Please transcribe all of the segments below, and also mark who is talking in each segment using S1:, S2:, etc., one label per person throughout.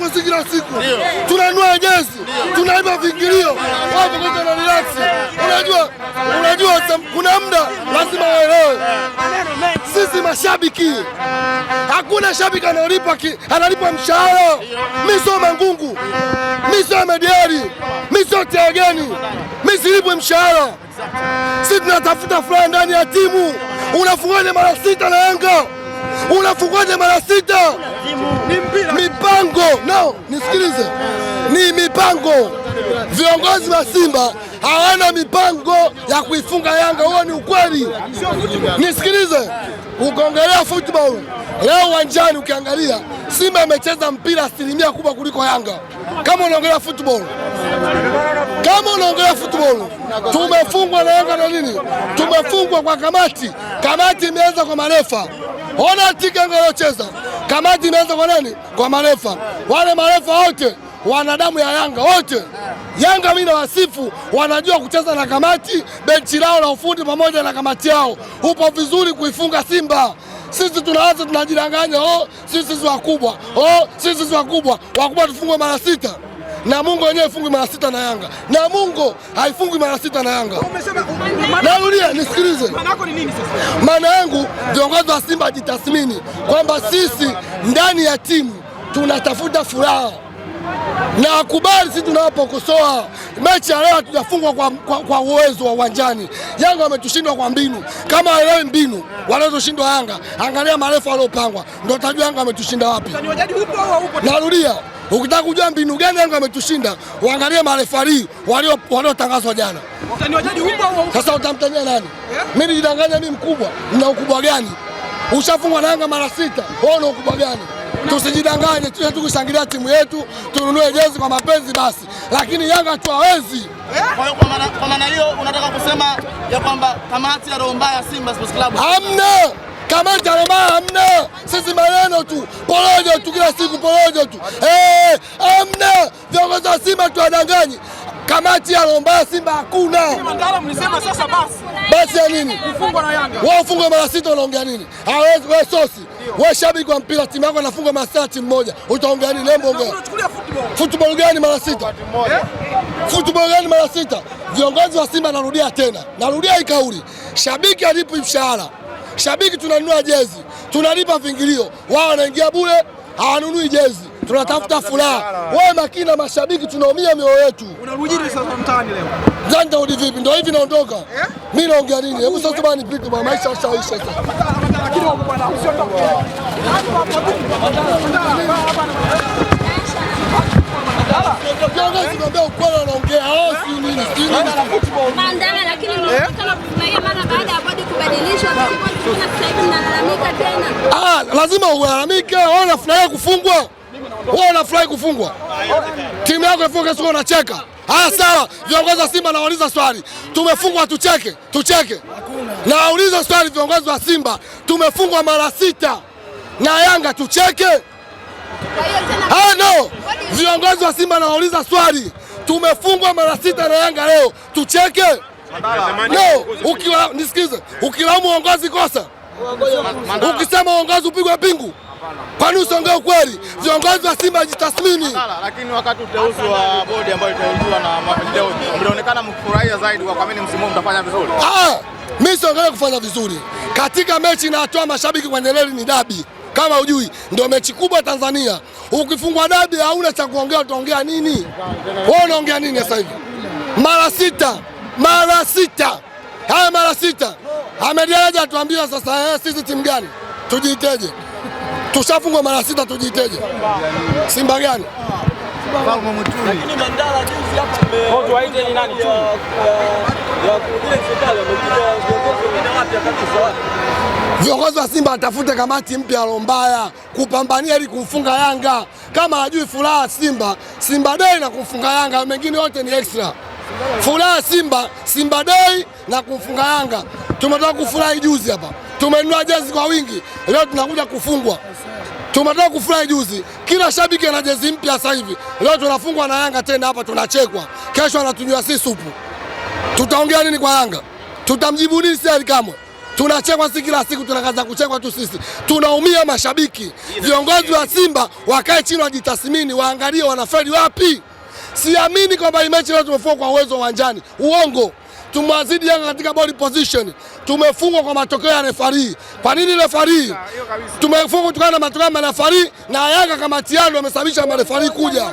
S1: makosi kila siku, tunanua jezi, tunaiba vingilio, na relax. Unajua, unajua kuna muda lazima waelewe, sisi mashabiki, hakuna shabiki analipa analipa mshahara. Mi sio Mangungu, mi sio mediari mi sio Tiageni, mi silipwe mshahara. Sisi tunatafuta furaha ndani ya timu. Unafungaje mara sita na Yanga? Unafungaje mara sita? Mipango no, nisikilize, ni mipango. Viongozi wa Simba hawana mipango ya kuifunga Yanga, huo ni ukweli. Nisikilize, ukiongelea football leo uwanjani, ukiangalia Simba imecheza mpira asilimia kubwa kuliko Yanga. Kama unaongelea football kama unaongelea football, tumefungwa na Yanga na nini? Tumefungwa kwa kamati, kamati imeweza kwa marefa Ona Tiganga aliocheza kamati imeanza kwa nani? Kwa marefa. Wale marefa wote wanadamu ya Yanga wote. Yanga mimi wasifu wanajua kucheza na kamati, benchi lao la ufundi pamoja na kamati yao upo vizuri kuifunga Simba. Sisi tunaanza tunajidanganya, oh, sisi si wakubwa, oh, sisi si wakubwa, wakubwa tufungwe mara sita na Mungu wenyewe ifungwi mara sita na Yanga, na Mungu haifungwi mara sita na Yanga. Um- um- Narudia, nisikilize. Maana yangu viongozi wa Simba jitathmini kwamba sisi ndani ya timu tunatafuta furaha na kubali sisi tunapokosoa. Mechi ya leo hatujafungwa kwa, kwa, kwa uwezo wa uwanjani. Yanga wametushindwa kwa mbinu, kama waelewi mbinu wanazoshindwa Yanga. Angalia marefu waliopangwa, ndio utajua Yanga wametushinda wapi. Narudia. Ukitaka kujua mbinu gani Yanga ametushinda, uangalie marefari waliotangazwa jana. Sasa utamtania nani? Eh? Mimi nijidanganya mimi mkubwa, nina ukubwa gani? Ushafungwa na Yanga mara sita, wewe una ukubwa gani? Tusijidanganye, tuwe kushangilia timu yetu, tununue jezi kwa mapenzi basi, lakini Yanga tuwawezi. Eh? Kwa maana hiyo unataka kusema ya kwamba kamati ya roho mbaya Simba Sports Club hamna Kamata lemaa hamna, sisi maneno tu, porojo tu, kila siku porojo tu, eh, hamna hey. Viongozi wa Simba tuwadanganyi, kamati ya lomba Simba hakuna sasa basi Basi ya nini? na Yanga. Wewe ufungwe mara sita, unaongea nini? Hawezi wewe sosi, wewe shabiki wa mpira, timu yako anafungwa mara sita, timu moja, utaongea nini? Lembo, ongea football gani mara sita? Eh? Football gani mara sita? Viongozi wa Simba, narudia tena, narudia hii kauli, shabiki alipo mshahara Shabiki tunanunua jezi, tunalipa vingilio, wao wanaingia bure, hawanunui jezi tunatafuta furaha. Wewe makina mashabiki tunaumia mioyo yetu. Unarudi sasa mtaani leo. Zanda udi vipi? Ndio hivi naondoka. Yeah? Mimi naongea nini? Hebu sasa bwana nipite bwana maisha ushaisha sasa. Lakini bwana usiondoke. Kiongozi naambia ukweli anaongea. Hao si nini? Mandala lakini mnaonekana eh? kufurahia mara baada ya bodi Ah, lazima ulalamike. Wao unafurahia kufungwa, wao unafurahi kufungwa, timu yako ifunge, sio unacheka. Haya, ah, sawa. Viongozi wa Simba nawauliza swali, tumefungwa tucheke? Tucheke? Nawauliza swali, viongozi wa Simba, tumefungwa mara sita na Yanga, tucheke? Ah, no. Viongozi wa Simba nawauliza swali, tumefungwa mara sita na Yanga leo, tucheke? No, ukila nisikize, ukilaumu uongozi kosa, ukisema uongozi upigwe pingu. Kwani usiongee ukweli? Viongozi wa Simba jitathmini. Lakini wakati uteuzi wa bodi ambayo itateuziwa na mlionekana mkifurahia zaidi kwa kuamini msimu mtafanya vizuri. Ah, mimi siongee kufanya vizuri katika mechi inatoa mashabiki kwenye reli, ni dabi kama ujui ndio mechi kubwa Tanzania. Ukifungwa dabi hauna cha kuongea, utaongea nini? Wewe unaongea nini sasa hivi? mara sita mara sita, haya mara sita. Ahmed Ally atuambia sasa, eh, sisi timu gani tujiiteje? Tushafungwa mara sita, tujiiteje? Simba gani? Viongozi wa Simba atafute kamati mpya Lombaya kupambania ili kumfunga Yanga. Kama hajui furaha Simba, Simba dei na kumfunga Yanga, mengine yote ni extra furaha Simba, Simba dei na kumfunga Yanga. Tumetoka kufurahi juzi hapa, tumenunua jezi kwa wingi, leo tunakuja kufungwa. Tumetoka kufurahi juzi, kila shabiki ana jezi mpya sasa hivi. Leo tunafungwa na Yanga tena hapa, tunachekwa. Kesho anatunywa si supu, tutaongea nini kwa Yanga? Tutamjibu nini? Si Kamwe tunachekwa si kila siku tunakaza kuchekwa tu, sisi tunaumia. Mashabiki, viongozi wa Simba wakae chini, wajitathmini, waangalie wanafeli wapi. Siamini kwamba hii mechi leo tumefungwa kwa uwezo uwanjani, uongo. Tumewazidi Yanga katika body position, tumefungwa kwa matokeo ya refari. Kwa nini refari? Tumefungwa kutokana na matokeo ya refari, na Yanga kamati yao ndio wamesababisha marefari kuja.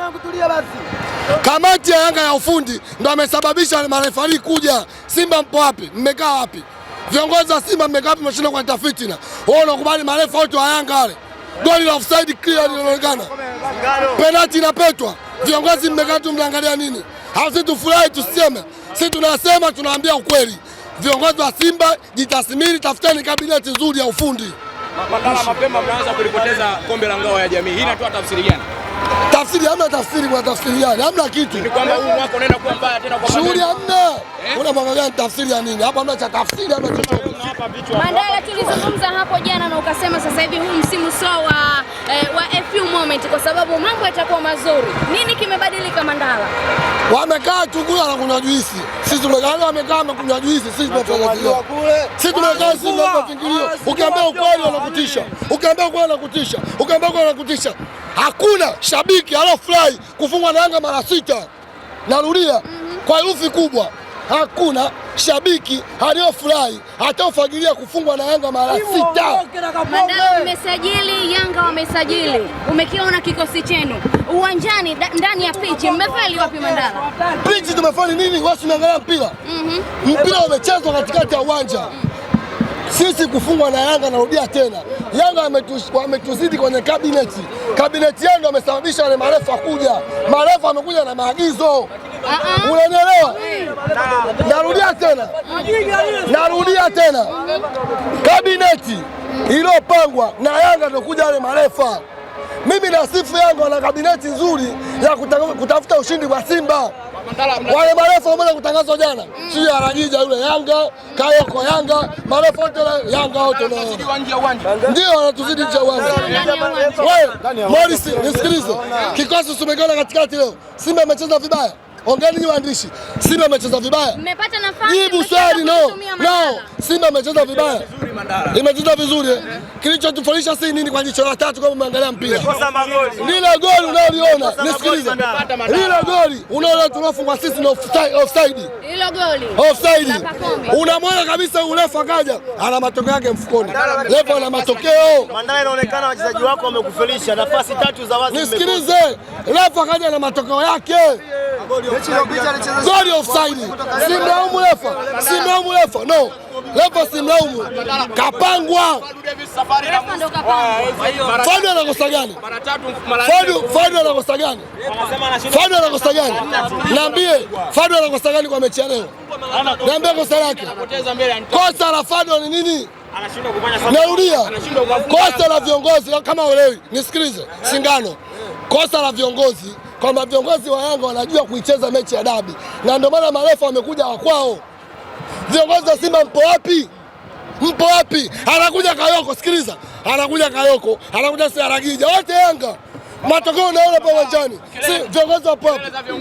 S1: Kamati ya Yanga ya ufundi ndio amesababisha marefari kuja. Simba mpo wapi? Mmekaa wapi? Viongozi wa Simba mmekaa wapi? Mashindano kwa fitina, wao unakubali marefa wote wa Yanga wale goli la offside clear linaonekana, penati inapetwa. Viongozi mmekaa tu mnaangalia nini? Hasi tufurahi tuseme, si tunasema tunaambia ukweli. Viongozi wa Simba jitasimiri, tafuteni kabineti nzuri ya ufundi. Makala mapema mnaanza kulipoteza kombe la ngao ya jamii, hii inatoa tafsiri gani? Tafsiri hamna, tafsiri kwa tafsiri yake hamna kitu. Ni kwamba huu mwaka unaenda kuwa mbaya tena kwa shughuli hamna. Una mambo gani? Tafsiri ya nini hapa? Hamna cha tafsiri, hamna chochote. Mandala, tulizungumza hapo jana na ukasema sasa hivi huu msimu sio wa eh, wa a few moment kwa sababu mambo yatakuwa mazuri. Nini kimebadilika Mandala? Wamekaa tu kula na kunywa juisi, sisi tumekaa, yaani wamekaa na kunywa juisi, sisi tumekaa kule. sisi tumekaa, sisi tunafuatilia. Ukiambia ukweli wanakutisha, ukiambia ukweli wanakutisha, ukiambia ukweli wanakutisha Hakuna shabiki alofurahi kufungwa na Yanga mara sita. Narudia mhm. kwa herufi kubwa, hakuna shabiki aliyofurahi ataofagilia kufungwa na Yanga mara sita. Oh, umesajili Yanga wamesajili, umekiona kikosi chenu uwanjani, ndani ya pichi mmefeli wapi? Mandala, pichi tumefeli nini? Wasi umeangalia mpira mm -hmm. mpira umechezwa katikati ya uwanja mm -hmm sisi kufungwa na Yanga, narudia tena, Yanga wametuzidi kwenye kabineti. Kabineti yao ndio amesababisha wale marefa kuja, marefu amekuja na maagizo, unanielewa? Narudia tena, narudia tena, kabineti iliyopangwa na Yanga ndio kuja wale marefa mimi na sifu Yanga na kabineti nzuri ya kuta, kutafuta ushindi kwa Simba. Wale marefu wameanza kutangazwa jana, mm. si Arajija yule Yanga, Kayoko Yanga, marefu wote Yanga wote ndio wanatuzidi nje uwanja. Wewe Morris, nisikilize, kikosi tumekiona katikati leo, Simba imecheza vibaya Ongeni nyinyi waandishi, Simba amecheza vibaya? Mmepata nafasi jibu swali. No, no, Simba amecheza vibaya, imecheza vizuri. Eh. Kilichotufurahisha si nini? Kwa jicho la tatu, kama umeangalia mpira, lile goli unaloiona, nisikilize, lile goli unaona tunafunga sisi na offside, offside, Lile Offside. unamwona kabisa urefu, akaja ana matokeo yake mfukoni, Refa ana matokeo. Mandala, inaonekana wachezaji wako wamekufurisha nafasi tatu za wazi. Nisikilize, Refa akaja na matokeo yake Goli ofsaidi, simlaumu refa, simlaumu refa, no refa simlaumu, kapangwa. Fadu anakosa gani? Fadu anakosa gani? Fadu anakosa gani? Niambie, Fadu anakosa gani kwa mechi ya leo? Niambie kosa lake, kosa la Fadu ni nini? Narudia, kosa la viongozi. Kama uelewi nisikilize, singano, kosa la viongozi kwamba viongozi wa Yanga wanajua kuicheza mechi ya dabi, na ndio maana marefu wamekuja wakwao. Viongozi wa Simba mpo wapi? Mpo wapi? Anakuja Kayoko, sikiliza, anakuja Kayoko, anakuja Siaragija, wote Yanga, matokeo unaona pa uwanjani, si viongozi wapo wapi?